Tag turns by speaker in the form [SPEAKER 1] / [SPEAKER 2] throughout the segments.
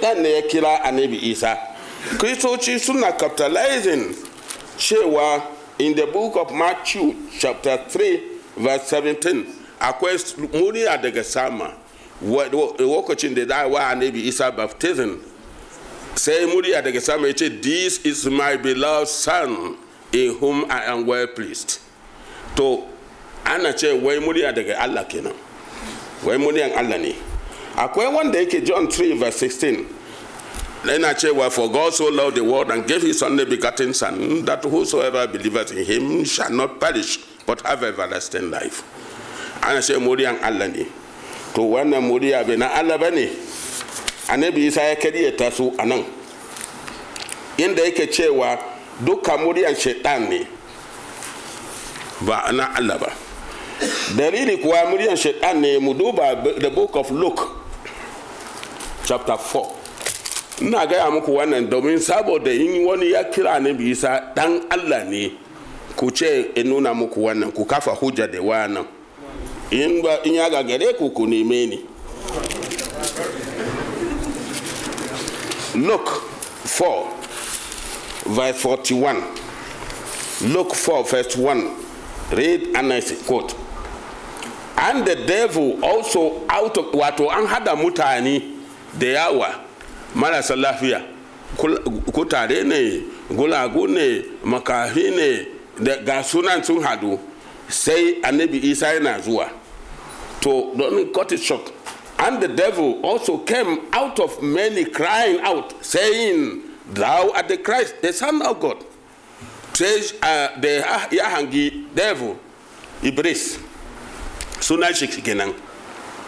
[SPEAKER 1] ɗan ne ya kira annabi Isa. Kristoci suna capitalizing cewa in the book of Matthew chapter 3 verse 17 akwai muriya daga sama lokacin da za wa annabi Isa baptism sai muriya daga sama ya ce this is my beloved son in whom I am well pleased. To ana ce wai muriya daga Allah kenan. Wai muryan Allah ne. akwai wanda yake john 3 verse 16 yana cewa for god so loved the world and gave his only begotten son that whosoever believes in him shall not perish but have everlasting life ana ce muryan allah ne to wannan murya bai na allah ba ne annabi isa ya ta su a nan inda yake cewa dukkan muryan shaitan ne ba na allah ba dalili kuwa muryan shaitan ne mu duba the book of luke chapter 4 ina gaya muku wannan domin saboda in wani ya kira ni bisa dan allah ne ku ce in nuna muku wannan ku kafa hujja da wannan in ba in ya gagare ku ku neme ni look 4 verse 41 look 4 verse 1 read and I say, quote and the devil also out of wato an hada mutane da yawa marasa lafiya kutare ne gulagu ne makafi ne da ga sunan sun hadu sai annabi isa yana zuwa to don cut it short and the devil also came out of many crying out saying thou art the christ the son of god sai uh, da ya hangi devil ibris sunan shi kenan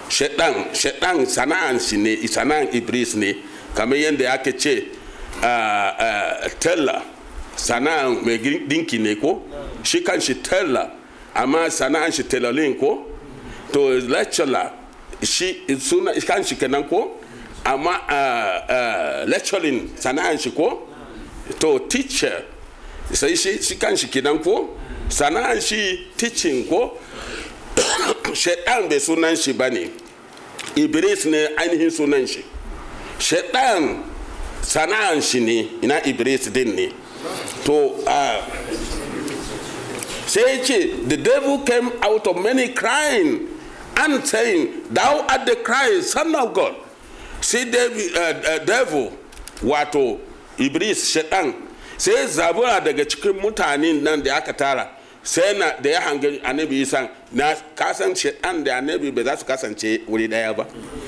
[SPEAKER 1] shaidan shaidan sana'an shi ne sana'an iblis ne kamar yadda ake ce tella sana'an mai dinki ne ko shi kan shi tella amma sana'an shi tellalin ko to lecturer shi suna kan shi kenan ko amma lecturing sana'an shi ko to teacher sai shi kan shi kenan ko sana'an shi teaching ko shaitan bai sunan shi ba ne iblis ne ainihin sunan shi shaitan sana'an shi ne ina iblis din ne to sai ce the devil came out of many crying and saying thou art the christ son of god sai eh, eh, devil wato iblis shaitan sai zabura daga cikin mutanen nan da aka tara sai na da ya hangi annabi isa na kasance dan da annabi ba za su kasance wuri daya ba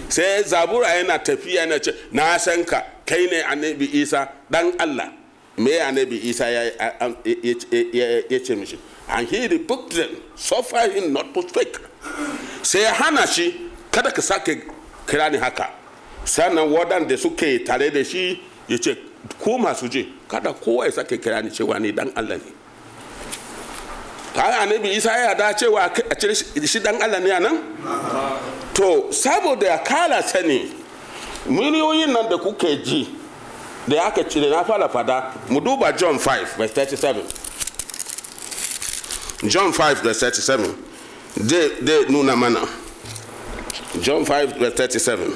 [SPEAKER 1] sai zabura yana tafiya yana ce na san ka kai ne annabi isa dan allah me annabi isa ya ce mishi and he rebuked them far him not to speak sai ya hana shi kada ka sake kira ni haka sannan da suke tare da shi ya ce ko masu je kada kowa ya sake kira ni cewa ni dan allah ne har annabi isa ya da cewa a cire shi dan allah ne nan to saboda ya kala sani miliyoyin nan da kuke ji da aka cire na fara fada mu duba john 5 verse 37 john 5 verse 37 zai nuna mana john 5 verse 37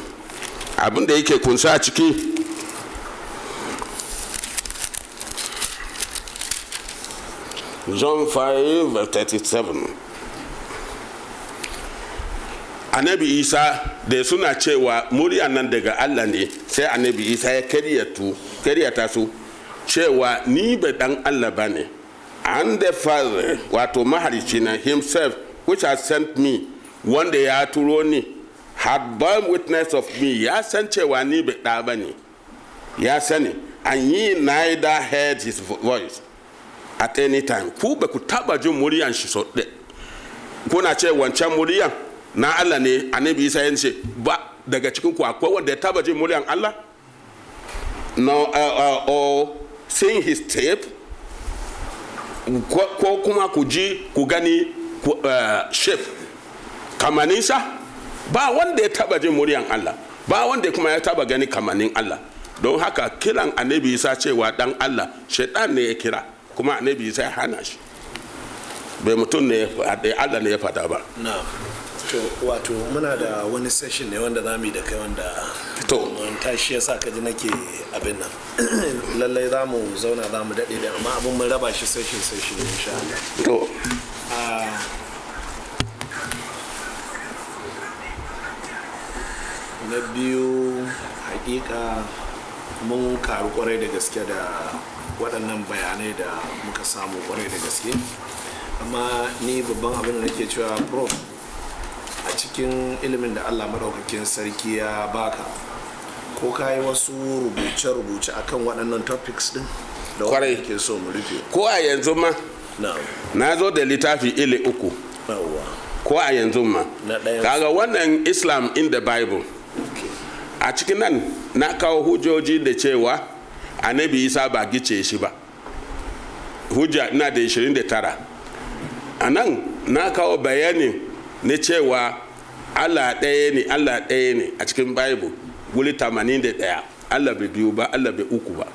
[SPEAKER 1] abinda yake kunsa a ciki john 37. annabi isa da suna cewa murya nan daga allah ne sai annabi isa ya karyata su cewa ni ba dan allah ba ne an da father wato maharici na himself which has sent me wanda ya turo ni had borne witness of me ya san cewa ni ba ɗa ba ne ya sani and ye neither heard his voice at any time ku ba ku taba jin muryan shi so de kuna ce wancan muryan na Allah ne annabi Isa ya ce ba daga cikin ku akwai wanda ya taba jin muryan Allah no uh, uh, or seeing his tape ko kuma ku ji ku gani ku, uh, shape ba wanda ya taba jin muryan Allah ba wanda kuma ya taba gani kamanin Allah don haka kiran annabi isa cewa dan Allah shaitan ne ya kira kuma annabi sai hana shi bai mutum ne allah ne ya fada ba
[SPEAKER 2] to wato muna da wani session ne wanda za mu yi da kai wanda to tashi yasa ka ji nake abin nan lallai za mu zauna za mu daɗe da amma abin mun raba shi session session insha Allah to ah, na biyu hakika mun karu kwarai da gaske da waɗannan bayanai da muka samu kwarai da gaske amma ni babban abin da nake cewa prof a cikin ilimin da allah maɗaukakin sarki ya baka ko ka yi wasu rubuce-rubuce akan waɗannan topics ɗin
[SPEAKER 1] da kwarai ke so mu rufe ko a yanzu ma na zo da littafi ile uku ko a yanzu ma kaga wannan islam in the bible a cikin nan na kawo hujjoji da cewa annabi isa ba gice shi ba hujja ina da 29 a nan na kawo bayani na cewa allah ɗaya ne allah ɗaya ne a cikin bible wuri 81 allah bai biyu ba allah bai uku ba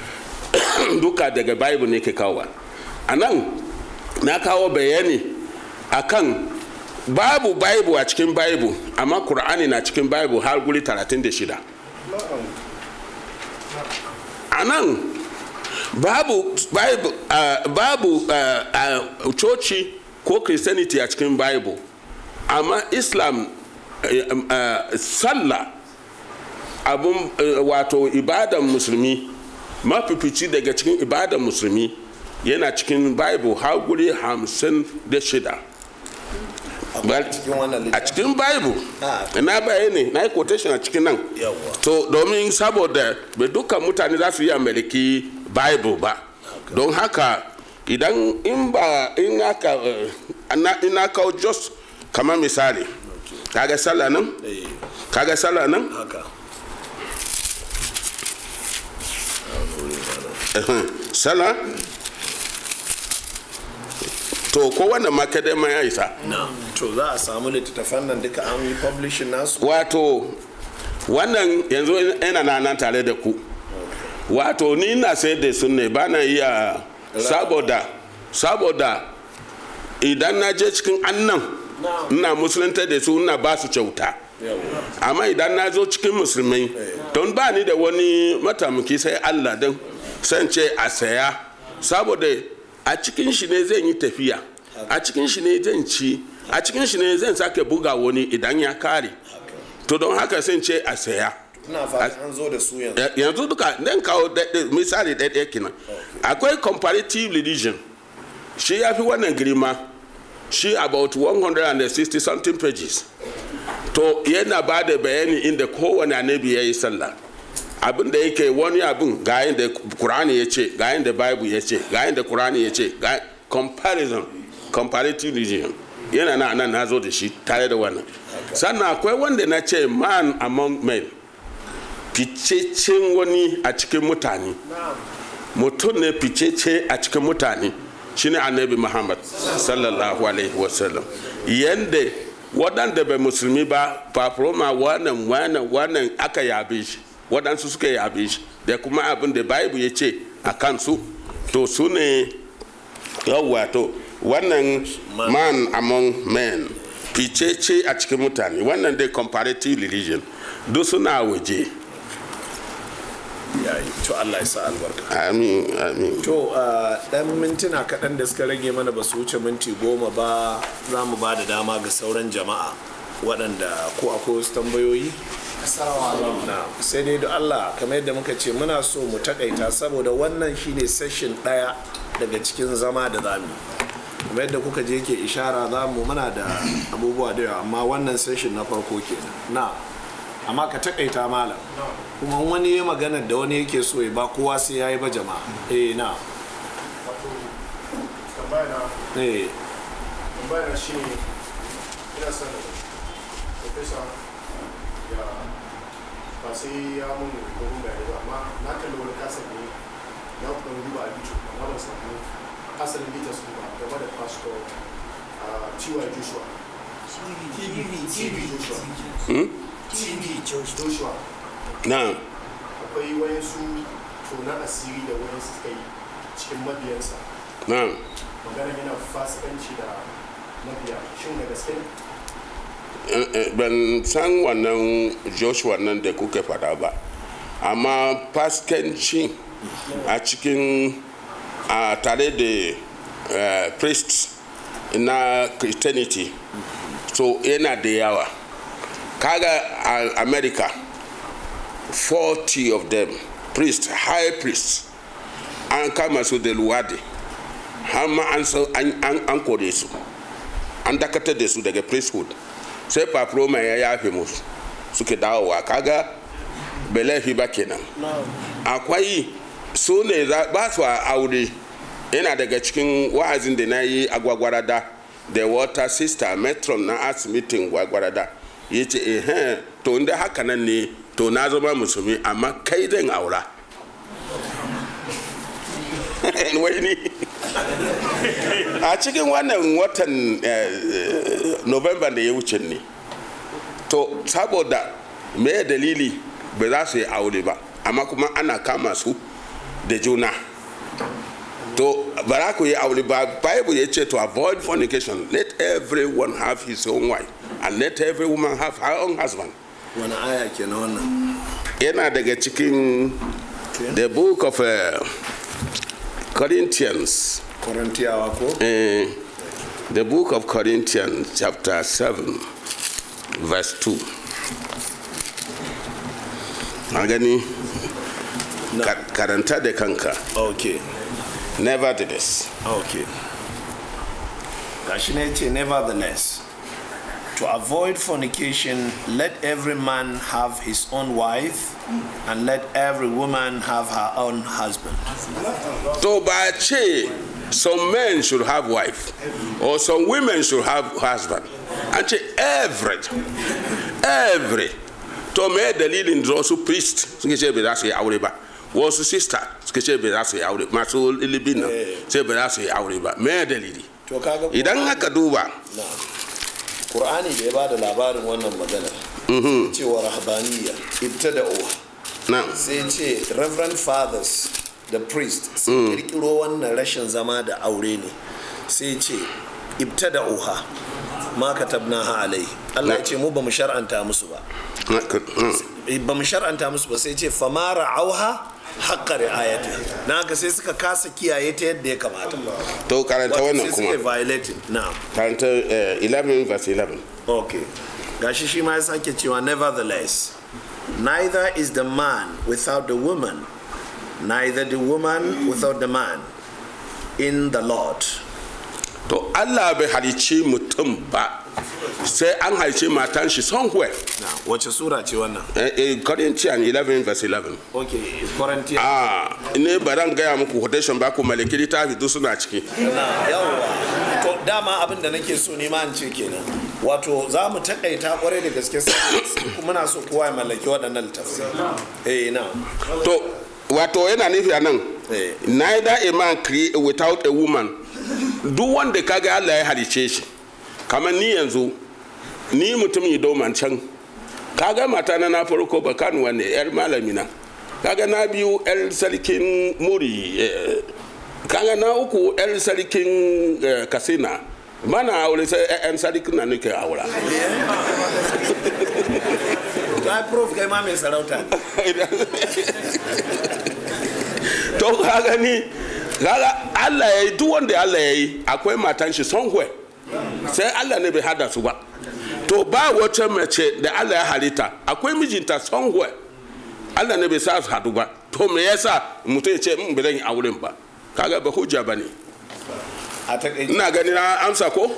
[SPEAKER 1] duka daga bible ne ke kawo a nan na kawo bayani akan babu bible a cikin bible amma kur'ani na cikin bible har guri 36 anan babu bible babu coci ko christianity a cikin bible amma islam eh, eh, sallah abun eh, wato ibadan musulmi mafifici daga cikin ibadan musulmi yana cikin bible har guri hamsin da shida a cikin bible ah. na baya ne na yi quotation a cikin nan to domin saboda bai dukkan mutane za su yi amaliki bible ba don haka idan in ba in aka in aka just kamar misali kaga sallah nan eh. kaga sallah nan sallah to kowanne ma kadai ma ya isa to za a samu littattafan nan duka an yi publishing nasu wato wannan yanzu yana na nan tare da ku wato ni na sai da sun ne ba na iya saboda saboda idan na je cikin annan ina musulunta da su ina ba su kyauta amma idan na zo cikin musulmai eh. don ba ni da wani matamuki sai allah don san ce a saya saboda a cikin shi ne zan yi tafiya a cikin shi ne zan ci a cikin shi ne zan sake buga wani idan ya kare to don haka sun ce a saya yanzu duka dan kawo misali ɗaya kenan akwai comparative religion shi ya fi wannan girma shi about 160 something pages to yana ba da bayani inda kowane annabi ya yi sallah abin da yake wani abin ga da kurani ya ce ga da bible ya ce ga da kurani ya ce comparison comparative religion yana na nan na zo da shi tare da wannan sannan akwai wanda na ce man among men ficecen wani a cikin mutane mutum ne ficece a cikin mutane shine annabi muhammad sallallahu alaihi wasallam yadda waɗanda bai musulmi ba fafroma wannan wannan wannan aka yabe shi waɗansu suka yabe shi da kuma abin da bible ya ce a kansu to su ne yawwa to wannan man among men ficece a cikin mutane wannan dai comparative religion duk suna waje to Allah ya sa albarka amin amin
[SPEAKER 2] to dan mintuna kaɗan da suka rage mana ba su wuce minti goma ba za mu ba da dama ga sauran jama'a waɗanda ko akwai wasu tambayoyi sai dai da Allah kamar yadda muka ce muna so mu takaita saboda wannan shine session ɗaya daga cikin zama da zamu kuma yadda kuka je ke ishara za mu muna da abubuwa da yawa amma wannan session na farko ke na amma ka takaita malam kuma wani ya magana da wani yake so ya ba kowa sai ya yi ba jama'a eh na eh tambayar shi ne ina son professor ya ba sai ya mun rubutun bayani ba amma na kalli wani kasar ne na kuma duba a bitu amma ban
[SPEAKER 1] hassan bita su ba game da pastor tiwa joshua tv hmm? joshua joshua na akwai su tonar asiri da wayansu suka yi cikin mabiyansa na
[SPEAKER 2] magana yana fasikanci da mabiya shin da gaske
[SPEAKER 1] eh, eh, ban san wannan joshua nan da kuka fada ba amma fasikancin a cikin a tare da uh, eh, priest na christianity so yana da yawa kaga a america 40 of them priest high priest an kama su da luwadi har ma an kore su an dakatar da su daga priesthood sai paproma ya yafe musu suke dawowa kaga bai laifi ba kenan akwai su ne ba su a aure yana daga cikin wa'azin da na yi a gwagwarada da water sister metron na meeting gwagwarada ya ce ehe to inda haka nan ne to na zama musulmi amma kai zan aura a cikin wannan watan eh, november da ya wuce ne to saboda mai dalili ba za su yi aure ba amma kuma ana kama su da juna to baraku ya auli ba bible ya ce to avoid fornication let everyone have his own wife and let every woman have her own husband wani aya ke na wannan yana daga cikin the book of uh, corinthians corinthians ko eh the book of corinthians chapter 7 verse 2 an gani karanta da kanka okay okay gashi ne ce nevertheless
[SPEAKER 2] to avoid fornication, let every man have his own wife,
[SPEAKER 1] and let every woman have her own husband. So, by che, some men should have wife, or some women should have husband. And che, every, every. To me, the leading draw who priest. So, you say, that's a wasu sista suka ce ba za su yi aure masu libin nan sai eh. ba za su yi aure ba me dalili idan aka duba qur'ani
[SPEAKER 2] da ya bada labarin wannan magana
[SPEAKER 1] mhm. cewa rahabaniya ibta da uwa
[SPEAKER 2] sai ce reverend fathers da priest sai mm. kirkiro wannan rashin zama da aure ne sai ce ibta da uha ma katabnaha alai Allah ya ce mu ba mu shar'anta musu ba ba mu shar'anta musu ba sai ce famara auha haƙƙa ri'ayata na haka sai suka kasa kiyaye ta yadda ya kamata
[SPEAKER 1] to karanta wannan kuma sai violating na karanta 11 eh, verse 11
[SPEAKER 2] okay gashi shi ma ya sake cewa nevertheless neither is the man without the woman neither the woman without the man
[SPEAKER 1] in the lord to Allah bai halicci mutum ba sai an haice matan shi somewhere
[SPEAKER 2] wace sura ce wannan
[SPEAKER 1] eh, eh, corinthian 11 verse 11 okay corinthian ah ne baran gaya muku quotation ba ku maliki littafi duk suna ciki
[SPEAKER 2] yawa to
[SPEAKER 1] dama abin da nake so ne ma an ce kenan wato
[SPEAKER 2] za mu takaita kwarai da gaske kuma na so kowa ya mallaki waɗannan littafi eh
[SPEAKER 1] na to wato yana nufi a nan eh. neither a man without a woman duk wanda kaga Allah ya halice shi kamar ni yanzu ni mutum yi doman can kaga mata na na farko ba kanu wani yar malami na kaga na biyu yar sarkin muri eh, kaga na uku yar sarkin eh, kasina mana aure sai yan sarkin na nake aura prof kai ma mai sarauta to kaga ni kaga Allah ya yi duk wanda Allah ya yi akwai matan shi somewhere sai allah ne bai hada su ba to ba wata mace da allah ya halitta akwai mijinta somewhere allah ne bai sa su hadu ba to me sa mutum ya ce in bai yi auren ba kaga ba hujja ba ne ina eh, gani na amsa ko eh,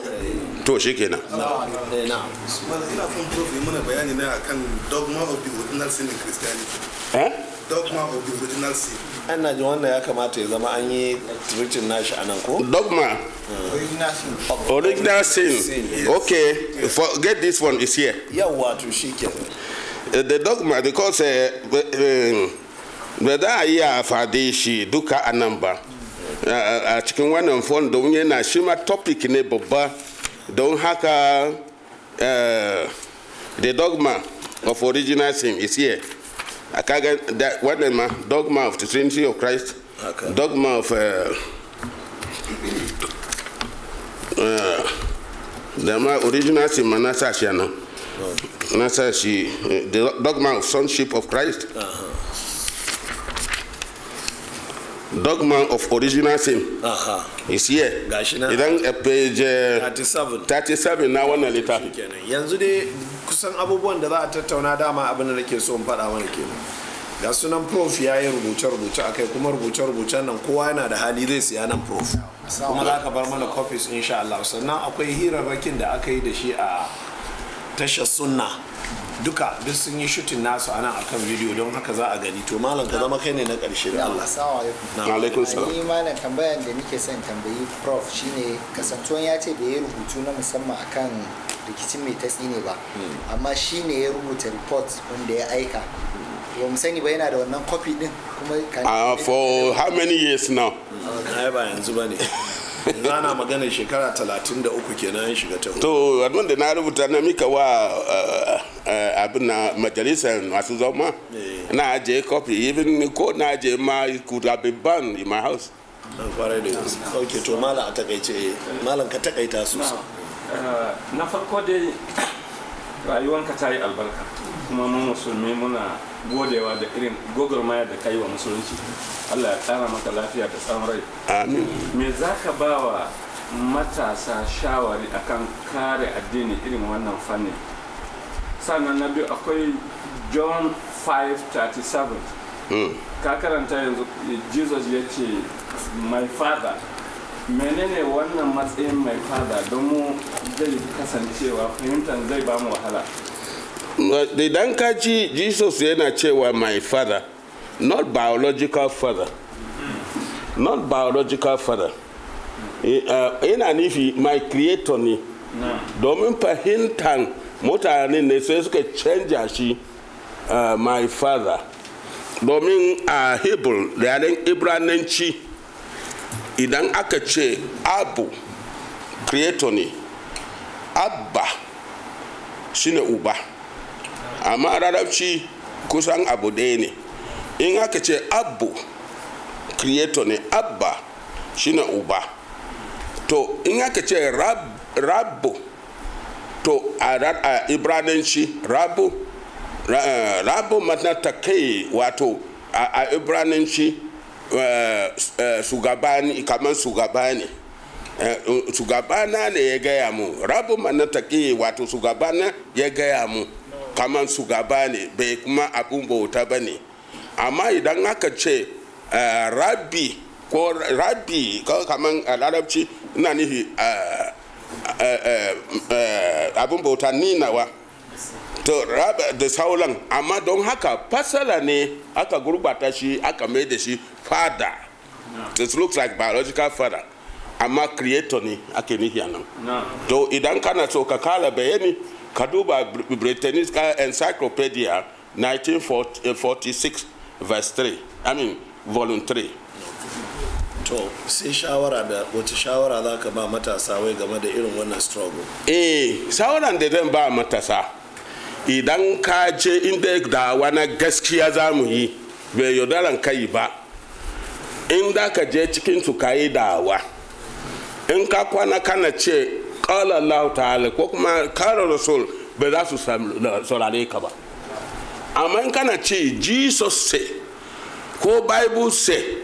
[SPEAKER 1] to shi kenan eh,
[SPEAKER 2] ina kan dogma of the ordinary christianity dogma of the original sin na ji wanda ya kamata ya zama an yi treating nashi
[SPEAKER 1] anan ko dogma original sin okay forget this one is here yawa to ke. Eh, the dogma because ba eh, za a iya fadi shi duka eh, a nan ba a cikin wannan fon domin yana shi ma topic ne babba don haka the dogma of original sin is here kaga da wannan ma dogma of the trinity of christ okay. dogma of uh, uh, da ma original sin ma uh, the dogma of sonship of christ uh -huh. dogma of original sin uh is here idan a page uh, 37 na wannan littafi
[SPEAKER 2] yanzu dai kusan abubuwan da za a tattauna dama abin da nake so in faɗa mana nan ga sunan prof ya yi rubuce-rubuce a kai kuma rubuce rubuce nan kowa yana da hali zai siya nan prof kuma za ka bar mana copies insha Allah sannan akwai hirarrakin da aka yi da shi a tashar sunna duka duk sun yi shutin nasu anan akan video don haka za a gani to malam ka zama kai ne na karshe da Allah assalamu alaikum na alaikum ni
[SPEAKER 1] malam tambayar da nake son tambayi prof shine kasantuwan ya ce da ya rubutu na musamman akan rikicin mai tatsi ne ba hmm. amma shine ya rubuta report wanda ya aika ba mu sani ba yana da wannan copy din kuma ah, for how many years now ba yanzu ba zana magana shekara 33 kenan shiga ta to abin da na rubuta na mika wa eh, eh, abin na majalisar masu zama eh. na je kofi even ko na je ma could have been ban in my house ah, kware da ok to malam a takaice malam ka takaita su na farko dai rayuwanka ta yi albarka kuma mu musulmi muna godewa da irin maya da kai wa musulunci allah ya tsara maka lafiya da tsawon rai amin me za ka ba wa matasa shawari akan kare addini irin wannan fannin sannan na biyu akwai john 537 hmm. ka karanta yanzu jesus ya ce my father menene wannan matsayin mai fada don mu zai kasancewa fahimtar zai ba mu wahala idan ka ci jesus yana cewa my father not biological father not biological father yana uh, nufi my creator ne domin fahimtar mutane ne sai suka canja shi uh, my father domin a hebrew da yaren ibrananci idan aka ce abu creator ne abba shine uba amma larabci kusan abu ɗaya ne in aka ce abu creator ne abba shine uba to in aka ce rabu to a ibrananci rabu rabu eh, ta kai wato a ibrananci eh, eh, sugabani kamar sugabani sugabana ne ya gaya mu rabu ta kai wato sugabana ya gaya mu kaman su gaba ne bai kuma abin bauta ba ne amma idan aka ce eh, rabbi ko rabbi kaman eh, larabci ina nihi eh, abin bauta ninawa to raba da saulan amma don haka fasala ne aka gurbata shi aka mai da shi fada this looks like biological father amma creator ne ake nihi nan to idan kana so ka kala bayani ka duba britannica encyclopedia 1946 verse 3 i mean volume 3 to
[SPEAKER 2] sai shawara da
[SPEAKER 1] wace shawara za ka ba matasa wai game da irin wannan struggle eh shawaran da zan ba matasa idan ka je inda da wani gaskiya za mu yi bai yaudaran kai ba in da ka je cikin tukayi da yi dawa in ka kwana kana ce kala Allah ta'ala ko kuma kara rasul ba za su saurare ka ba amma in kana ce Jesus se ko Bible se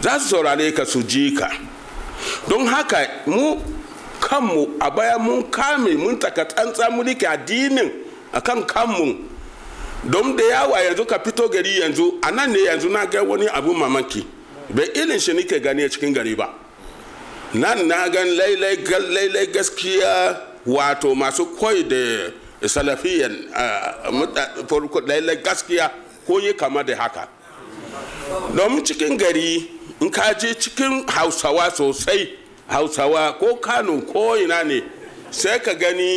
[SPEAKER 1] za su saurare ka su ji ka don haka mu kanmu a baya mun kame mun taka tsantsan mulki addinin kan kanmu don da yawa yanzu ka fito gari yanzu a nan ne yanzu na ga wani abu mamaki bai ilin shi nike gani a cikin gari ba nan na gan lailai gaskiya wato masu koi da salafiyan lailai gaskiya ko yi kama da haka domin cikin gari in ka je cikin hausawa sosai hausawa ko kano ko ina ne sai ka gani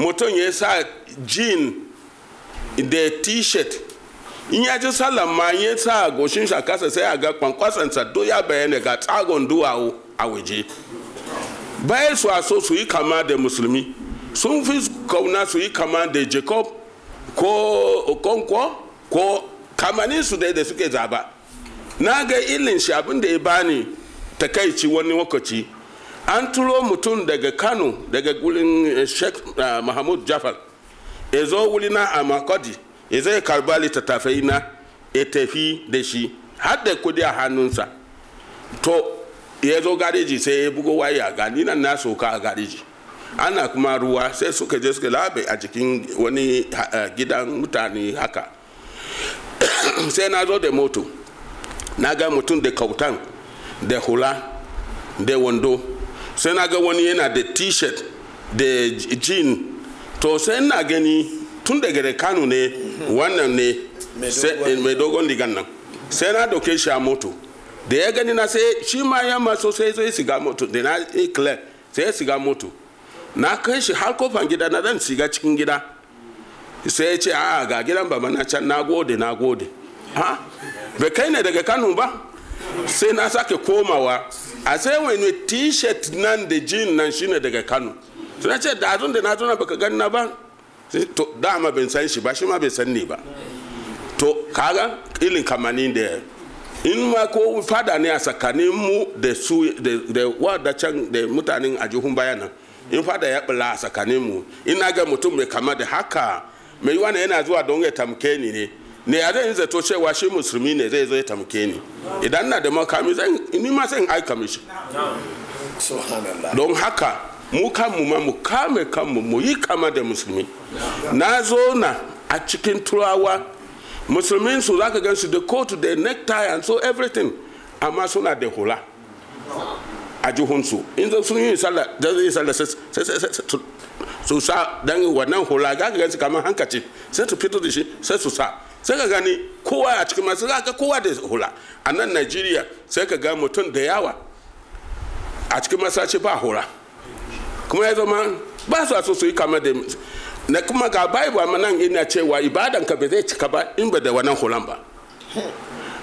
[SPEAKER 1] mutum ya sa jean da t-shirt in ya ji sallan ma ya sa goshin shakasa sai a ga kwankwasansa duk ya bayyana ga tsagon duwawo a waje bayan su a so su yi kama da musulmi sun fi kauna su yi kama da jacob ko okonkwo ko kamanin su da suke zaba na ga ilin shi abin da ya bani takaici wani lokaci an turo mutum daga kano daga gulin eh, sheikh eh, mahmud jafar ya zo na a makodi ya zai karba littattafai na ya tafi da shi har da kudi a hannunsa to ya zo gareji sai ya bugo waya ga ni nan na soka a gareji ana kuma ruwa sai suka je suka labe a jikin wani eh, gidan mutane haka sai na zo da moto na ga mutum da kautan da hula da wando sai na ga wani yana da t-shirt da jean to sai na gani tun daga gare kano ne wannan ne mai dogon ligan eh, nan sai na doke shi a moto da ya gani na sai shi ma ya maso sai zai siga moto da na ikle sai ya siga moto na kai shi har kofan gida na zan siga cikin gida sai ya ce a ga gidan ba na can na gode na gode ha bai kai ne daga kano ba sai na sake komawa a sai wani t-shirt nan da jean nan shine daga kano suna ce da azun da na zuna na baka gani na ba to dama ban san shi ba shi ma bai san ni ba to kaga ilin kamanin da in ma ko fada ne a tsakanin mu da su da wada can da mutanen a jihun bayana in fada ya bula a tsakanin mu ina ga mutum mai kama da haka mai yiwa yana zuwa don ya tamke ni ne ne a zai zato cewa shi musulmi ne zai zo ya tamke ni idan na da makami zan ni ma sai aika mishi don haka mu kanmu ma mu kame kanmu mu yi kama da musulmi na zo na a cikin turawa musulmi su zaka gan su da coat da necktie and so everything amma suna da hula a jihunsu in sun yi sallah da zai sallah su sa dan wannan hula zaka gan gansu kamar hankaci sai su fito da shi sai su sa sai ka gani kowa a cikin masu zaka kowa da hula a nan nigeria sai ka ga mutum da yawa a cikin masashi ba hula kuma ya zama ba su so su yi da na kuma ga bible amma nan ina cewa ibadan ba zai cika ba in ba da wannan hulan ba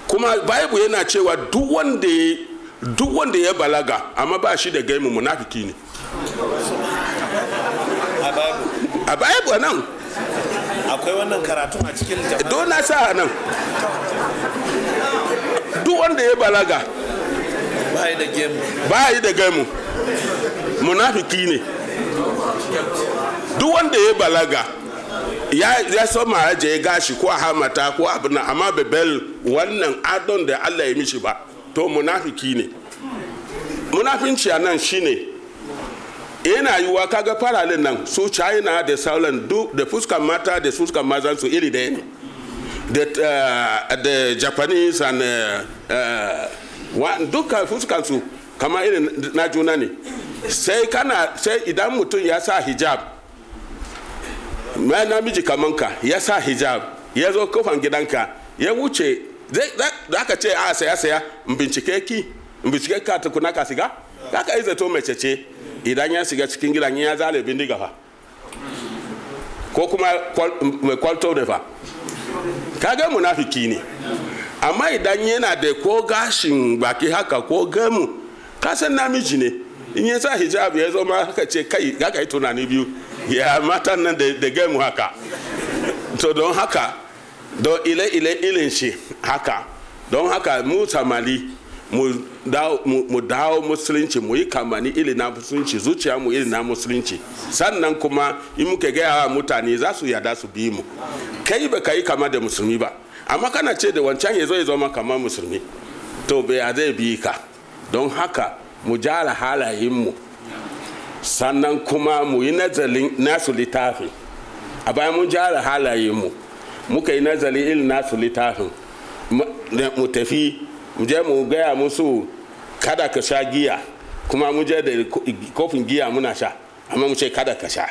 [SPEAKER 1] kuma baibu yana cewa duk wanda duk wanda ya balaga amma ba shi da gaimu munafiki ne a baibu nan akwai wannan karatu a cikin jama'a don na sa nan duk wanda ya balaga ba yi da gaimu munafiki ne duk wanda ya balaga ya so ma ya gashi ko a hamata ko abin nan amma bebel wannan adon da Allah ya mishi ba to munafiki ne munafinci a nan shine yana yiwuwa kaga faralin nan su china da sauran duk da fuskan mata da fuskan mazan su iri da ne eh, da japanese and eh, dukkan fuskan su kama irin na juna ne sai sai idan mutum ya sa hijab ma namiji nka ya sa hijab ya zo kofan gidanka ya wuce za ka ce a saya saya in ki in ka ka tukuna ka siga ka ka zato mace idan ya shiga cikin gidan ya zale bindiga fa ko kuma mai kwalto da fa kaga munafiki ne amma idan yana da ko gashin baki haka ko gamu san namiji ne in ya sa hijab ya zo ma ka ce kai ga yi tunani biyu ya mata nan da gemu haka to don haka don ile-ile ilin shi haka don haka mu samali mu dawo musulunci mu yi kamani ili na musulunci zuciya mu ili na musulunci sannan kuma in muke gaya wa mutane za su yada su bi mu kai ba ka yi kama da musulmi ba amma kana ce da wancan ya zo ya zama kama musulmi to bai zai bi ka don haka mu jara halayenmu mu sannan kuma mu yi nazarin nasu littafin a bayan mun jara halaye mu muka yi nazarin irin nasu littafin mu tafi mu je mu gaya musu kada ka sha giya kuma mu je da kofin giya muna sha amma mu ce kada ka sha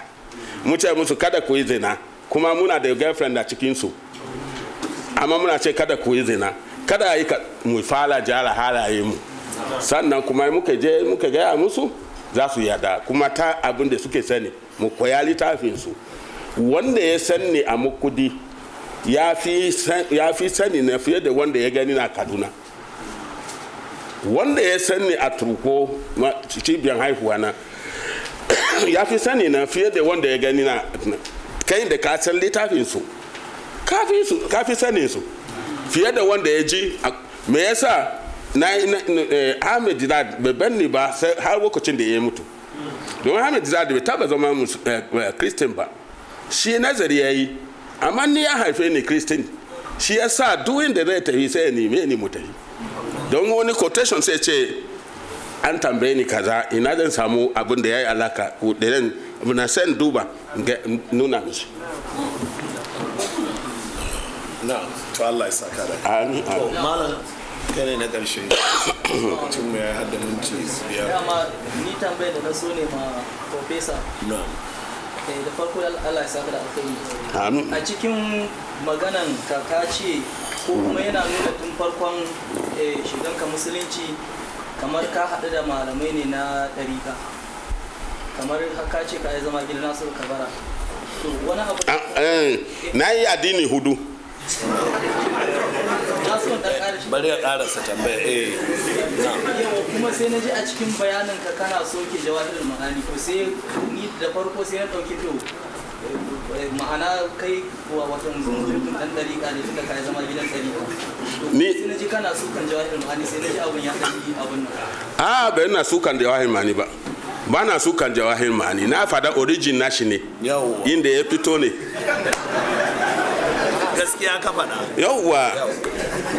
[SPEAKER 1] mu ce musu kada ku yi zina kuma muna da girlfriend a cikinsu amma muna ce kada ku yi zina kada yi mu fala jara halaye mu sannan kuma muka je muka gaya musu za su yada kuma ta abin da suke sani mu koya littafinsu wanda ya sani a mukudi ya fi sani na fiye da wanda ya gani na kaduna wanda ya sani a turko cibiyar haihuwa na ya fi sani na fiye da wanda ya gani na kai da ka san littafinsu ka fi sani su fiye da wanda ya ji me yasa na eh, ahmed zad bai banni ba sai har lokacin da ya mutu domin ahmed zad bai taba zama eh, eh, Christian ba shi nazari ya amma ni ya haife ni Christian shi ya sa duk inda zai tafi sai ya neme ni mu don wani quotation sai ce an tambaye ni kaza ina zan samu abin da ya yi alaka da na san duba nuna mishi na
[SPEAKER 2] to Allah ya saka da amin kane na karshe lokacin mu ya mun ci ya ma ni
[SPEAKER 1] tambayar da na so ne ma profesa na'am eh, da farko Allah ya saka da amin a cikin maganan ka ce ko kuma yana nuna tun farkon eh, ka musulunci kamar ka haɗu da malamai ne na ɗarika kamar ka ce ka yi zama gidan nasu kabara ah, eh, na yi addini hudu bari
[SPEAKER 2] ya karasa tambaya eh na
[SPEAKER 1] kuma sai na ji a cikin bayanin ka kana soke jawahirul ma'ani ko sai ni da farko sai na dauki to eh, ma'ana kai kuwa wata zunzurfin dan dariƙa ne tunda kai zama gidan dariƙa ni sai na ji kana sukan jawahirul ma'ani sai na ji abun ya ɗari abun nan a bai na sukan jawahirul ma'ani ba ba na sukan jawahirul ma'ani na fada origin nashi ne inda ya fito ne gaskiya ka faɗa yauwa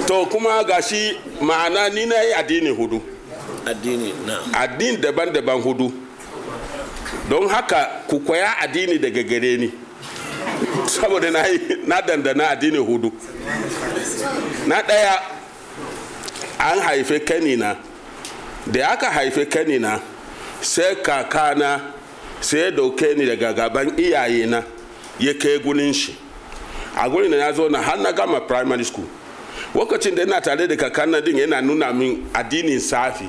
[SPEAKER 1] to kuma gashi ma'ana ni na yi addini hudu addini na addini daban-daban hudu don haka ku koya addini daga gare ni saboda na yi na dandana addini hudu na ɗaya an haife kanina da aka haife kanina sai kakana sai dauke ni daga gaban iyayena ya kai gunin shi a gurin da na zo na har na gama primary school lokacin da ina tare da kakanna din yana nuna min addinin safi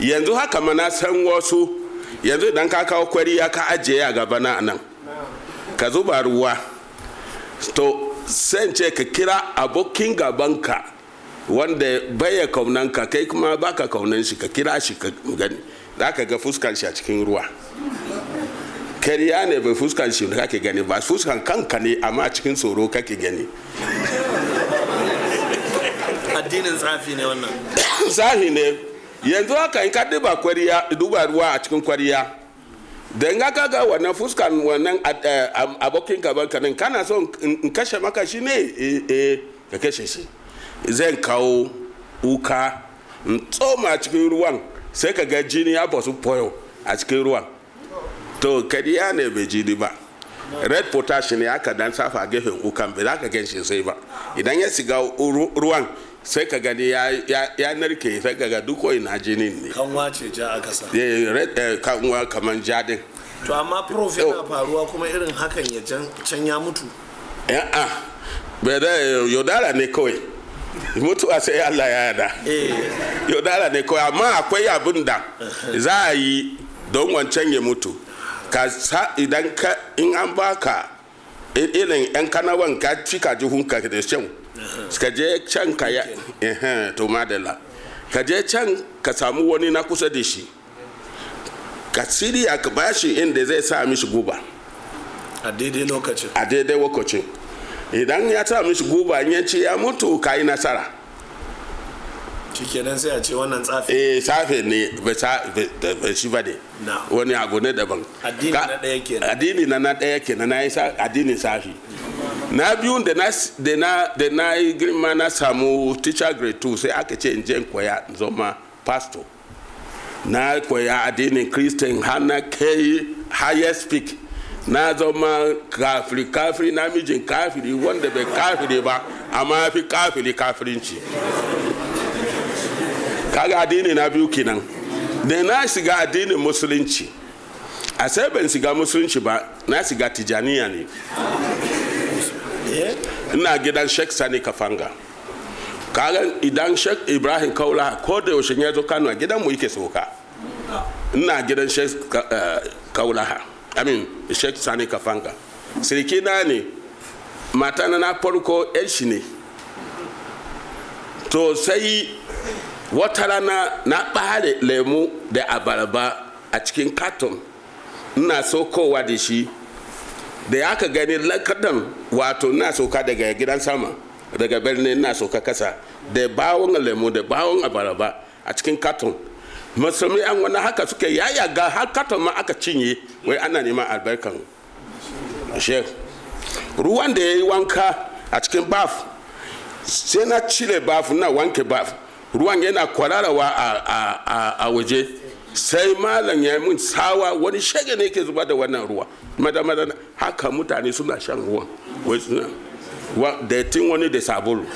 [SPEAKER 1] yanzu haka mana san wasu yanzu idan ka kawo kwari ya ka ajiye a gaba na nan ka zuba ruwa to sai ce ka kira abokin gabanka wanda baya kaunanka kai kuma baka kaunan shi ka kira shi ka gani za ka ga fuskan shi a cikin ruwa kariya ne bai fuskan shi kake gani ba fuskan kanka ne amma cikin tsoro kake gani addinin tsafi ne wannan tsafi ne yanzu haka in ka duba kwariya duba ruwa a cikin kwariya da in ga wannan fuskan wannan eh, abokin gaban ka kana so in kashe maka shi ne eh, eh ka kashe shi zan kawo uka in tsoma cikin ruwan sai ka ga jini ya basu foyo a cikin ruwan to kadiya ne bai ji ba red potash ne aka dan safa a gefen kukan bai za ka gan shi sai ba idan ya shiga ruwan sai ka gani ya narke sai ka ga duk ina jinin ne kanwa ce ja aka sa eh, eh, kanwa kaman jadin
[SPEAKER 2] to amma prof yana faruwa kuma irin hakan ya can ya mutu
[SPEAKER 1] ya'a eh, ah, bai da yaudara ne kawai a sai allah ya yada yaudara ne kawai amma akwai abin da za a yi don wancan ya mutu ka sa idan ka in an baka irin yan kanawan ka ji hunka da shan ka je can ka ya to madalla ka je can ka samu wani na kusa da shi ka siriya ka bashi inda zai sa mishi guba a daidai lokacin a daidai lokacin idan ya sa mishi guba ya ya mutu ka yi nasara kenan sai a ce wannan tsafe eh tsafe ne ba ta ba shi ba ne wani abu ne daban addini na ɗaya kenan addini na na ɗaya kenan na yi addini tsafe na biyu da na da na yi girma na samu teacher grade 2 sai aka ce in je in koya zama pastor na koya addinin christian hana kai highest peak na zama kafiri kafiri namijin kafiri wanda bai kafiri ba amma fi kafiri kafirinci kaga addini na biyu kenan da na shiga addinin musulunci a sai ban shiga musulunci ba na shiga tijaniya ne ina gidan sheikh sani kafanga kaga idan sheikh ibrahim kaula ko da yaushe ya zo kano a gidan mu yake soka ina gidan sheikh eh, kaula amin sheikh sani kafanga sirki na ne mata na na farko yan shi ne to sai wata rana na ɓare lemu da abarba a cikin katon ina kowa da shi da ya ka gani lakadan wato ina soka daga gidan sama daga birnin ina soka kasa da bawon lemu da bawon abarba a cikin katon musulmi an wani haka suke ga har katon ma aka cinye wai ana neman albarkan ruwan da ya yi wanka a cikin baf sai na cire baf na wanke baf ruwan yana kwararawa a waje sai malam ya mun sawa wani shege ne ke zuba da wannan ruwa madamada haka mutane suna shan ruwan tin wani da sabulu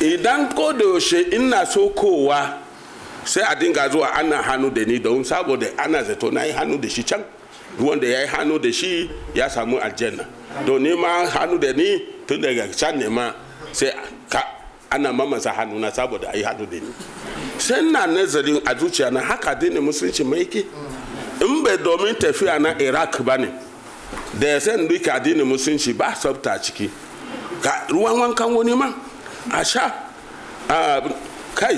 [SPEAKER 1] idan ko da yaushe ina so kowa sai a dinga zuwa ana hannu da ni don saboda ana zato na yi hannu da shi can da ya yi hannu da shi ya samu aljanna don ma hannu da ni tun daga can ne ma sai ana mamasa hannuna saboda a hadu da ni sai na nazarin a zuciya na haka dini musulunci mai ke in bai domin tafiya na iraq ba ne da ya san duka addinin musulunci ba sabta ciki ka ruwan wankan wani ma a sha a kai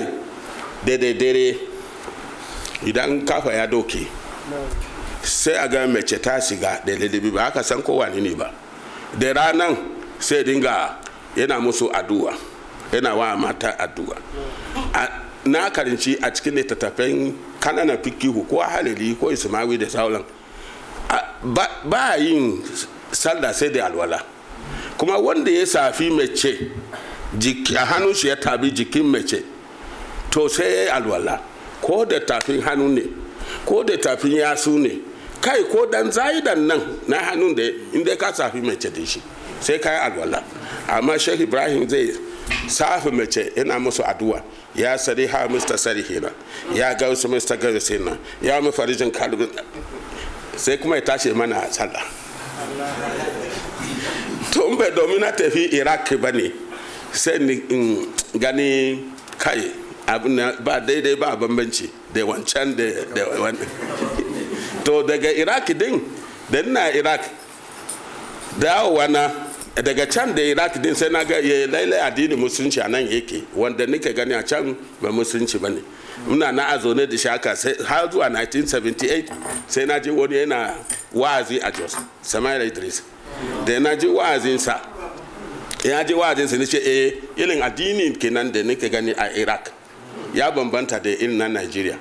[SPEAKER 1] daidai dare idan kafa ya doke sai a ga mace ta shiga da ba aka san kowane ne ba da ranar sai dinga yana musu addu'a yana wa mata addu'a na karanci a cikin littattafan kanana fikihu ko halili ko ismawi da saulan ba yin sallah sai da alwala kuma wanda ya safi mace a hannun shi ya tabi jikin mace to sai ya alwala ko da tafin hannu ne ko da tafin yasu ne kai ko dan zaidan nan na hannun da inda ka safi mace da shi sai ka alwala amma sheikh ibrahim zai safi mace ina musu addu'a ya sari ha mista hina ya gausu mista hina ya mu farijin kalubin sai kuma ya tashi mana sallah tun bai domin na tafi iraq ba ne sai ni gani kai ba daidai ba bambanci da wancan da wani to daga iraq din da ina iraq dawowa na daga can da iraq din sai na ga ya lailai addinin musulunci a nan yake wanda nake gani a can ba musulunci ba ne muna na a zaune da shaka har zuwa 1978 sai na je wani yana wa'azi a jos samuel idris da na je wa'azinsa ya je wa'azinsa ni ce eh irin addini kenan da nake gani a iraq ya bambanta da irin na nigeria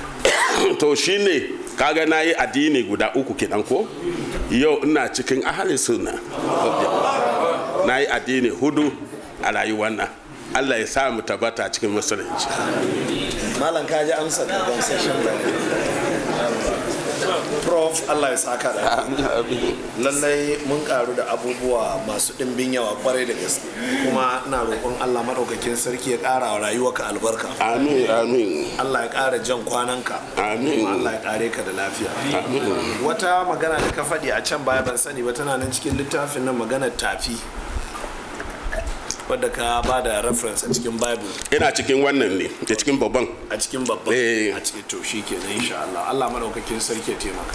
[SPEAKER 1] to shine kaga na yi addini guda uku kenan ko yau ina cikin ahali suna na yi addini hudu a rayuwar nan allah ya sa mu tabbata cikin musulunci malam
[SPEAKER 2] kaji amsa da gamsashen
[SPEAKER 1] prof allah ya saka da
[SPEAKER 2] lallai mun karu da abubuwa masu ɗimbin yawa kwarai da gaske kuma na roƙon allah maɗaukakin sarki ya ƙara wa rayuwarka albarka amin amin allah ya ƙara jan kwananka amin allah ya ƙare ka da lafiya wata magana da ka faɗi a can baya ban sani ba tana nan cikin littafin nan maganar tafi
[SPEAKER 1] wadda ka ba da reference a cikin bible ina cikin wannan ne a cikin babban a cikin
[SPEAKER 2] babban eh. a cikin to shi ke zai insha Allah Allah madaukakin sarki ya taimaka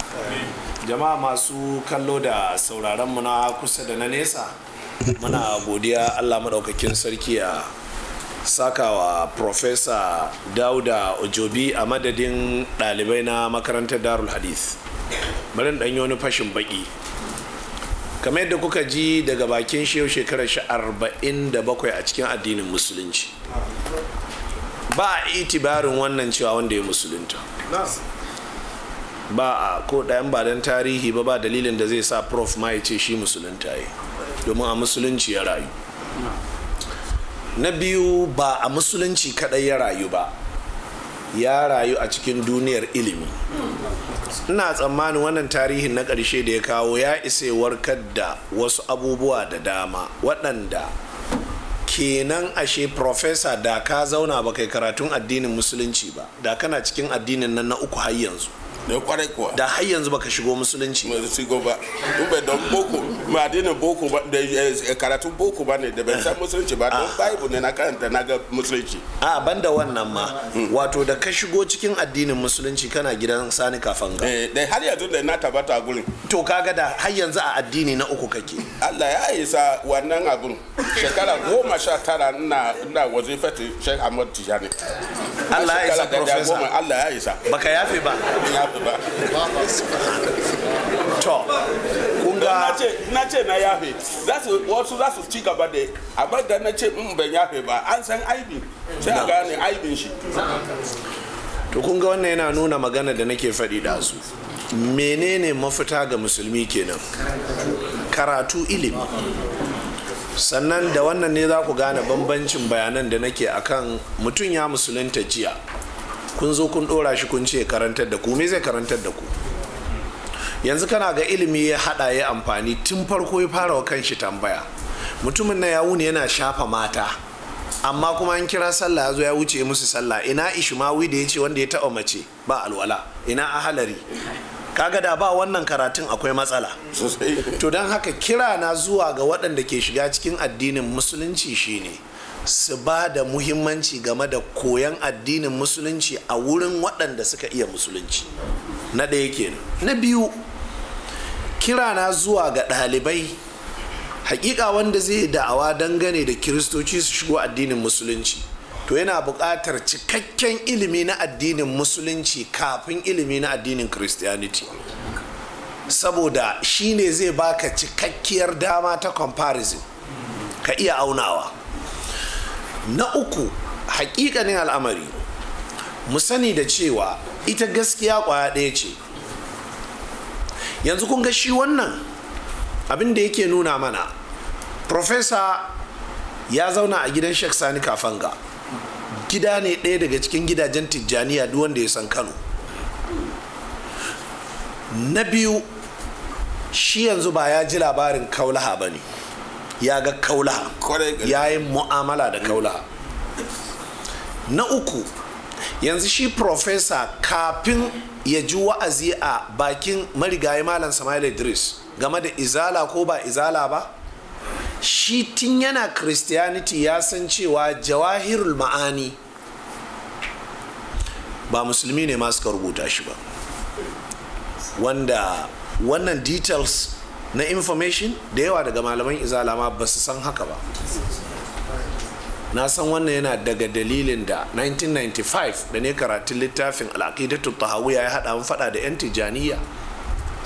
[SPEAKER 2] jama'a masu kallo da sauraron mu na kusa da na nesa muna godiya Allah madaukakin sarki ya sakawa professor dauda ojobi a madadin ɗalibai na makarantar darul hadith bari dan yi wani fashin baki kamar yadda kuka ji daga bakin shi yau shekarar shi arba'in da bakwai a cikin addinin musulunci ba a itibarin wannan cewa wanda ya musulunta ba a ko ɗayan ba don tarihi ba ba dalilin da zai sa prof ma ya ce shi musulunta ya domin a musulunci ya rayu na biyu ba a musulunci kaɗai ya rayu ba ya rayu a cikin duniyar ilimi ina tsammanin wannan tarihin na ƙarshe da ya kawo ya isa warkar da wasu abubuwa da dama waɗanda kenan ashe profesa da ka zauna ba kai karatun addinin musulunci ba
[SPEAKER 1] da kana cikin addinin nan na uku har yanzu da eh, kwarai kuwa da har yanzu baka shigo musulunci ba shigo ba in don boko ma dina boko ba da eh, eh, karatu boko ba ne da bai san musulunci ba don ah. bible ne na karanta na ga musulunci a banda wannan ma wato da ka shigo cikin addinin musulunci kana gidan sani ga eh dai har yanzu da na tabata gurin to
[SPEAKER 2] kaga da har yanzu a addini na uku kake
[SPEAKER 1] Allah ya isa wannan abun shekara goma sha tara ina ina wazifatu Sheikh Ahmad Tijani Allah ya isa professor Allah ya isa baka yafe ba to kunga na ce mm,
[SPEAKER 2] to kunga wannan yana nuna magana da nake faɗi da su menene mafita ga musulmi kenan karatu ilimi sannan da wannan ne za ku gane bambancin bayanan da nake akan mutum ya musulunta jiya kun zo kun dora shi kun ce karantar da ku me zai karantar da ku yanzu kana ga ilimi ya hada ya amfani tun farko ya fara wa kanshi tambaya mutumin na ya wuni yana shafa mata amma kuma an kira sallah ya zo ya wuce musu sallah ina ishmawi da ya ce wanda ya taba mace ba alwala ina ahalari kaga da ba wannan karatun akwai matsala to don haka kira na zuwa ga waɗanda ke shiga cikin addinin musulunci shine su ba da muhimmanci game da koyon addinin musulunci a wurin waɗanda suka iya musulunci na ɗaya kenan na biyu kirana zuwa ga ɗalibai haƙiƙa wanda zai yi da'awa dangane da kiristoci su shigo addinin musulunci to yana buƙatar cikakken ilimi na addinin musulunci kafin ilimi na addinin christianity saboda shi ne zai baka cikakkiyar dama ta comparison ka iya aunawa na uku hakikanin al'amari mu sani da cewa ita gaskiya kwaya ɗaya ce yanzu kun ga shi wannan abin da yake nuna mana profesa ya zauna a gidan shek sani kafanga gida ne ɗaya daga cikin gidajen tijjaniya duk wanda ya san kano na biyu shi yanzu ba ya ji labarin kaulaha ba ne ya ga kaula ya yi mu'amala da kaula na uku yanzu shi profesa kafin ya ji wa'azi a bakin marigayi malam sama'il idris game da izala ko ba izala ba shi tun yana christianity ya san cewa jawahirul ma'ani ba musulmi ne masu rubuta shi ba wanda wannan details na information da yawa daga malaman izala ma ba su san haka ba na san wannan yana daga dalilin da 1995 da ne karatun littafin al'aqidatu tahawiyya ya hada mun faɗa da yan tijaniya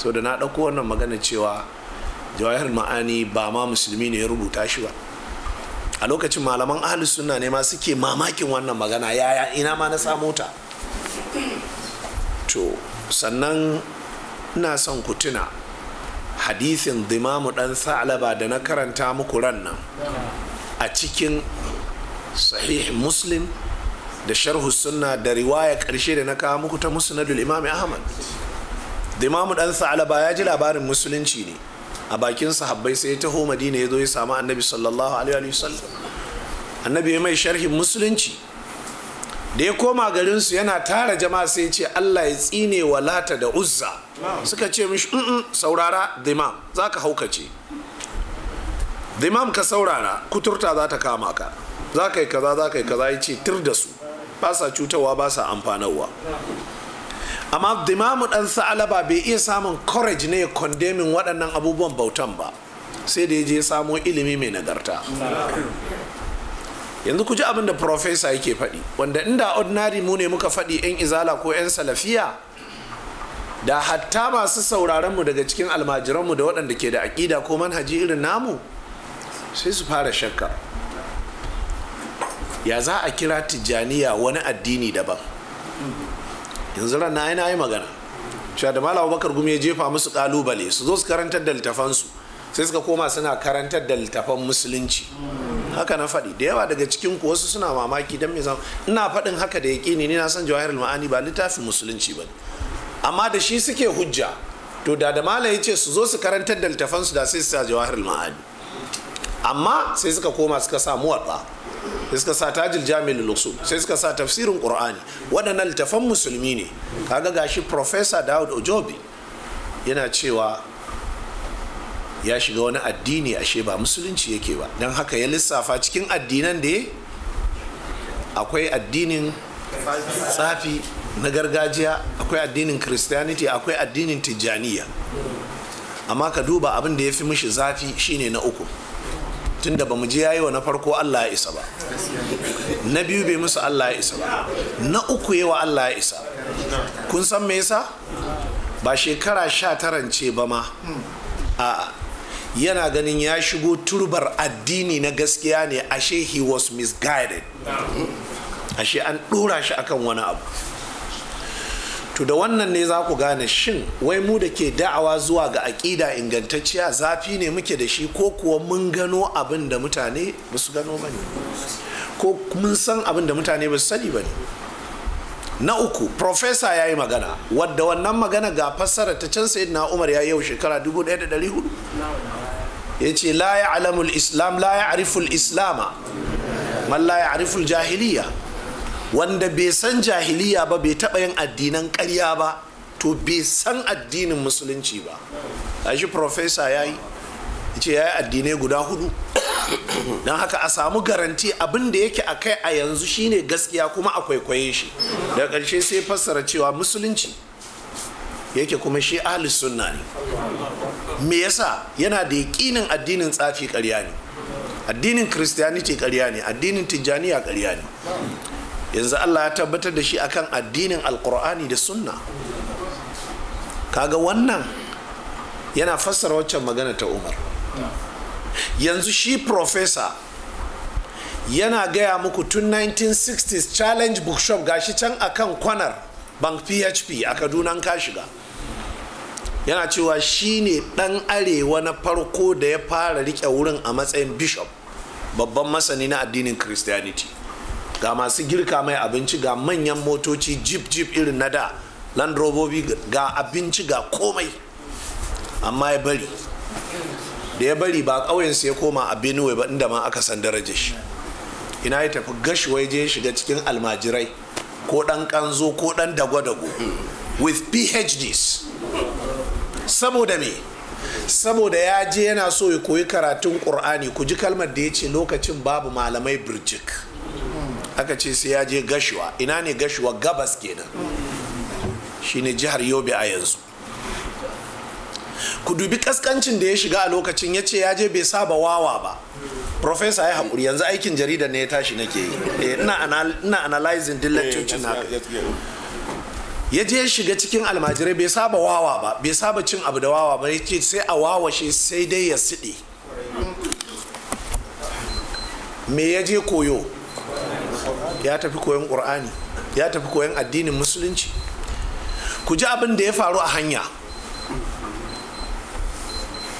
[SPEAKER 2] so da na ɗauko wannan magana cewa jawahir ma'ani ba ma musulmi ne ya rubuta shi ba a lokacin malaman ahli sunna ne ma suke mamakin wannan magana yaya ina ma na samu ta to sannan ina son kutuna hadisin dimamu dan sa'laba da na karanta muku ran a cikin sahih muslim da sharhu sunna da riwaya karshe da na kawo muku ta musnadul imam ahmad dimamu dan sa'laba ya ji labarin musulunci ne a bakin sahabbai sai ya taho madina ya zo ya samu annabi sallallahu alaihi wasallam annabi ya mai sharhin musulunci da ya koma garinsu yana tara jama'a sai ce allah ya tsine wa lata da uzza suka ce mishi saurara dimam za ka haukace dimam ka saurara kuturta za ta kama ka za ka yi kaza za ka yi kaza ya ce tir da su ba sa cutarwa ba sa amfanarwa amma dimamu dan sa'alaba bai iya samun courage ne condemning waɗannan abubuwan bautan ba sai da ya je samo ilimi mai nagarta yanzu ku ji abin da profesa yake faɗi wanda inda ordinary mu ne muka faɗi 'yan izala ko 'yan salafiya da hatta masu sauraron mu daga cikin almajiranmu da waɗanda ke da aƙida ko manhaji irin namu sai su fara shakka ya za a kira tijjaniya wani addini daban yanzu rana yana yi magana cewa da bakar gumi ya jefa musu ƙalubale su zo su karantar da littafansu sai suka koma suna karantar da littafan musulunci haka na faɗi da yawa daga cikin ku wasu suna mamaki don me ina faɗin haka da yaƙini ni na san jawahirul ma'ani ba littafin musulunci ba amma da shi suke hujja to da da malam ya ce su zo su karantar da littafan su da sai su sa jawahirul ma'ani amma sai suka koma suka sa muwaɗa sai suka sa tajil jami'in luksu sai suka sa tafsirin qur'ani waɗannan littafan musulmi ne kaga gashi professor Dawud Ojobi yana cewa ya shiga wani addini ashe ba musulunci yake ba don haka ya lissafa cikin addinan da akwai addinin tsafi na gargajiya akwai addinin christianity akwai addinin tijjaniya amma ka duba abin da ya fi mishi zafi shine na uku tunda ba mu je yayi wa na farko Allah ya isa ba na biyu bai musu Allah ya isa ba na uku yawa Allah ya isa kun san me yasa ba shekara sha ce ba ma a'a yana ganin ya shigo turbar addini na gaskiya ne ashe he was misguided ashe an ɗora shi akan wani abu to da wannan ne za ku gane shin wai mu da ke da'awa zuwa ga aƙida ingantacciya zafi ne muke da shi ko kuwa mun gano abin da mutane ba su gano ba ne ko mun san abin da mutane ba su sani ba ne na uku profesa ya yi magana wadda wannan magana ga fassara ta can sayi na umar ya yau shekara 1400 ya ce la ya alamul islam la ya ariful islama man la ya ariful jahiliya wanda bai san jahiliya ba bai taɓa yin addinan karya ba to bai san addinin musulunci ba a shi profesa ya yi ce ya yi addinai guda hudu don haka a samu garanti abin da yake a kai a yanzu shine gaskiya kuma a kwaikwaye shi daga ƙarshe sai fassara cewa musulunci yake kuma shi ahlus sunna ne me yasa yana da yaƙinin addinin tsafi ƙarya ne addinin christianity ƙarya ne addinin tijjaniya ƙarya ne yanzu allah ya tabbatar da shi akan addinin alkur'ani da sunna kaga wannan yana fassara waccan magana ta umar yanzu shi profesa yana gaya muku tun 1960s challenge bookshop gashi can akan kwanar bank php a kaduna ka shiga yana cewa shine dan arewa na farko da ya fara rike wurin a matsayin bishop babban masani na addinin christianity ga masu girka mai abinci ga manyan motoci jeep jeep irin na da land robobi ga abinci ga komai amma ya bari da ya bari ba ƙauyensu ya koma a benue ba inda ma aka san daraja shi ina ya tafi gashuwa je shiga cikin almajirai ko ɗan ƙanzo ko ɗan dago-dago with phds saboda me saboda ya je yana so ya koyi karatun ƙur'ani ku ji kalmar da ya ce lokacin babu malamai birjik aka ce sai ya je gashuwa ina ne gashuwa gabas kenan shine jihar yobe a yanzu ku dubi kaskancin da ya shiga a lokacin ya ce ya je bai saba wawa ba profesa ya haƙuri yanzu aikin jarida ne ya tashi nake yi eh, ina analyzing dillacin haka ya je shiga cikin almajirai bai saba wawa ba bai saba cin abu da wawa ba ya ce sai a wawashe sai dai ya siɗe me ya je koyo ya tafi koyon ƙur'ani ya tafi koyon addinin musulunci ku ji abin da ya faru a hanya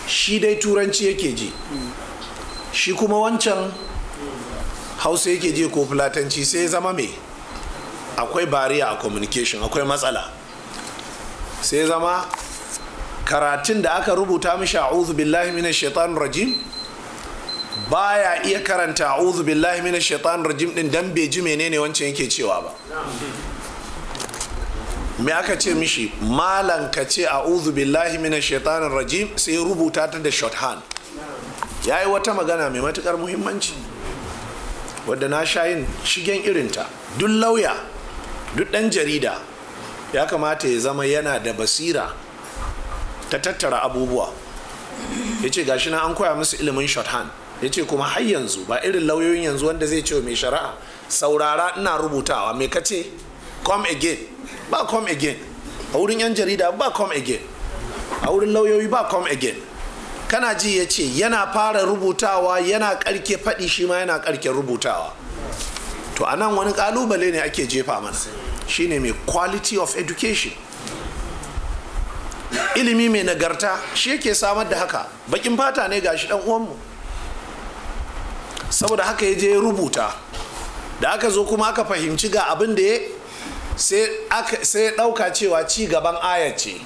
[SPEAKER 2] shi dai turanci yake ji shi kuma wancan hausa yake ji ko fulatanci sai ya zama mai akwai bariya a communication akwai matsala sai zama karatun da aka rubuta mishi a'udhu billahi mina shaitan rajim baya iya karanta a'udhu billahi mina shaitan rajim din dan bai ji menene wancan yake cewa ba me aka ce mishi malan ka ce a'udhu billahi mina shaitan rajim sai rubuta ta da shorthand yi wata magana mai matukar muhimmanci wadda na sha yin shigen irinta duk lauya duk ɗan jarida ya kamata ya zama yana da basira ta tattara abubuwa ya ce gashi na an koya musu ilimin shorthand ya ce kuma har yanzu ba irin lauyoyin yanzu wanda zai ce mai shari'a saurara ina rubutawa mai ce come again ba come again a wurin yan jarida ba come again a wurin lauyoyi ba come again kana ji ya ce yana fara rubutawa yana karke faɗi shi ma yana karke rubutawa to a nan wani kalubale ne ake jefa mana shine mai quality of education ilimi mai nagarta shi yake samar da haka bakin fata ne gashi dan uwanmu saboda haka ya je rubuta da aka zo kuma aka fahimci ga abin da ya sai ya ɗauka cewa ci gaban aya ce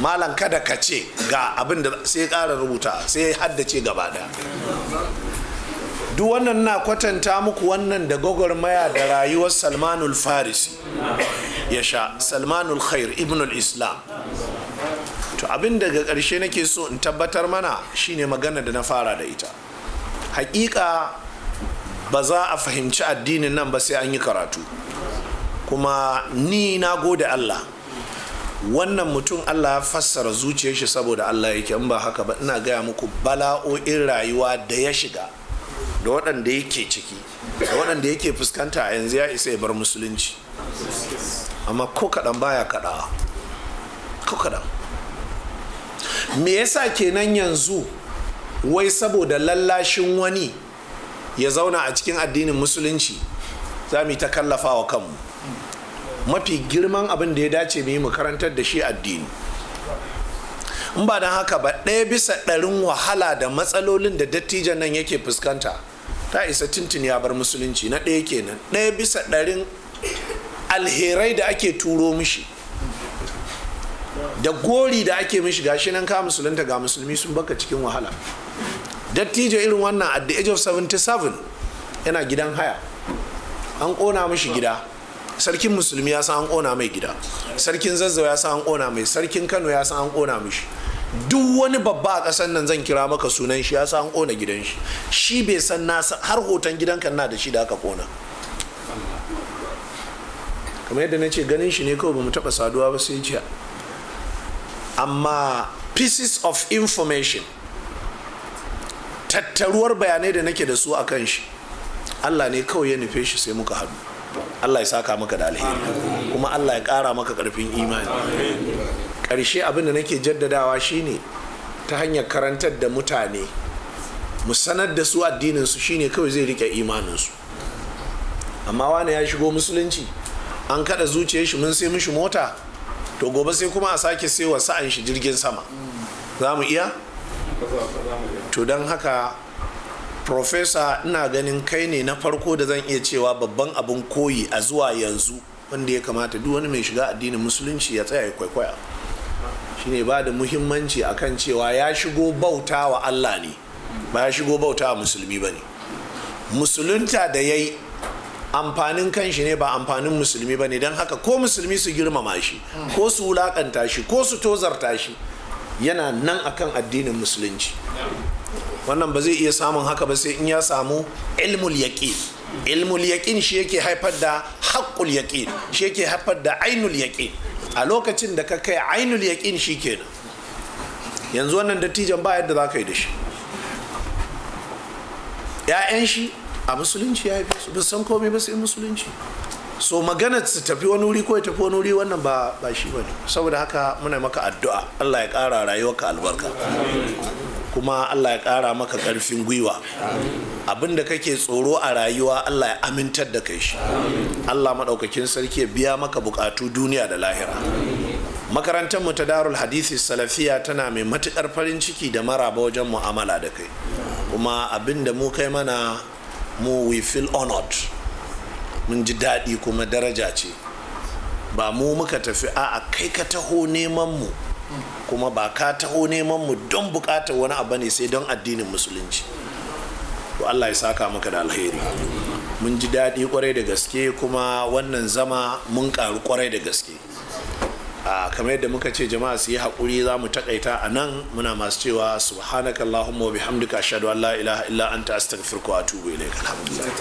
[SPEAKER 2] malam kada ka ce ga abin da sai ya ƙara rubuta sai ya haddace gaba
[SPEAKER 1] ɗaya
[SPEAKER 2] duk wannan na kwatanta muku wannan da gwagwarmaya da rayuwar salmanul farisi ya sha salmanul khair ibnul islam to abin daga ƙarshe nake so in tabbatar mana shine magana da na fara da ita hakika ba za a fahimci addinin nan ba sai an yi karatu kuma ni na gode allah wannan mutum Allah ya fassara zuciyar shi saboda Allah yake in ba haka ba ina gaya muku bala'o'in rayuwa da ya shiga da waɗanda yake ciki da waɗanda yake fuskanta a yanzu ya isa ya bar musulunci amma ko kaɗan baya kaɗawa ko kaɗan me yasa kenan yanzu wai saboda lallashin wani ya zauna a cikin addinin musulunci za mu yi ta kallafa wa kanmu mafi girman abin da ya dace mu yi mu karantar da shi addini in ba don haka ba ɗaya bisa ɗarin wahala da matsalolin da dattijan nan yake fuskanta ta isa tintin ya bar musulunci na ɗaya kenan ɗaya bisa ɗarin alherai da ake turo mishi da gori da ake mishi gashi nan ka musulunta ga musulmi sun baka cikin wahala dattijo irin wannan at the age of 77 yana gidan haya an ƙona mishi gida sarkin musulmi ya san an ƙona mai gida sarkin zazzau ya san an ƙona mai sarkin kano ya san an ƙona mishi duk wani babba a ƙasar nan zan kira maka sunan shi ya san kona gidan shi shi bai san na har hoton gidanka na da shi da aka kona kamar yadda na ce ganin shi ne kawai ba mu taɓa saduwa ba sai jiya amma pieces of information tattaruwar bayanai da nake da su a kan shi allah ne kawai ya nufe shi sai muka haɗu allah ya saka maka da alheri kuma allah ya ƙara maka ƙarfin imani karshe abin da nake jaddadawa shine ta hanyar karantar da mutane mu sanar da su addinin addininsu shine kawai zai rike imanin su amma wani ya shigo musulunci an kada zuciyar shi mun sai mishi mota to gobe sai kuma a sake sai wa sa'an shi jirgin sama za mu iya to don haka profesa ina ganin kai ne na farko da zan iya cewa babban abin koyi a zuwa yanzu wanda ya kamata duk wani mai shiga addinin musulunci ya tsaya ya kwaikwaya shine ba da muhimmanci akan cewa ya shigo bauta wa Allah ne ba ya shigo bauta wa musulmi ba ne musulunta da ya yi amfanin kan shi ne ba amfanin musulmi ba ne don haka ko musulmi su girmama shi ko su wulakanta shi ko su tozarta shi yana nan akan addinin musulunci wannan ba zai iya samun haka ba sai in ya samu ilmul yaqin ilmul yaƙin shi yake haifar da haqqul yaƙi shi yake haifar da ainul yaqin a lokacin da ka kai ainul yaƙin shi kenan yanzu wannan dattijan ba yadda za ka yi da shi ‘ya'yan shi a musulunci ya yi su ba san komai ba sai musulunci so magana su tafi wani wuri ko ya tafi wani wuri wannan ba shi ba ne saboda haka muna maka addu'a Allah ya ƙara rayuwarka albarka kuma allah ya ƙara maka ƙarfin gwiwa abin da kake tsoro a rayuwa allah ya amintar da kai shi allah maɗaukakin sarki ya biya maka buƙatu duniya da lahira makarantar mu ta darul hadisi salafiya tana mai matuƙar farin ciki da maraba wajen mu'amala da kai kuma abin da mu kai mana mu we feel honored mun ji daɗi kuma daraja ce ba mu muka tafi a kai ka taho neman mu kuma ba ka taho neman mu don bukatar wani abu ne sai don addinin musulunci to Allah ya saka maka da alheri mun ji daɗi kwarai da gaske kuma wannan zama mun karu kwarai da gaske a kamar yadda muka ce jama'a su yi haƙuri za mu takaita a nan muna masu cewa subhanakallahumma wa bihamdika ashhadu an la ilaha illa anta astaghfiruka wa atubu ilayk alhamdulillah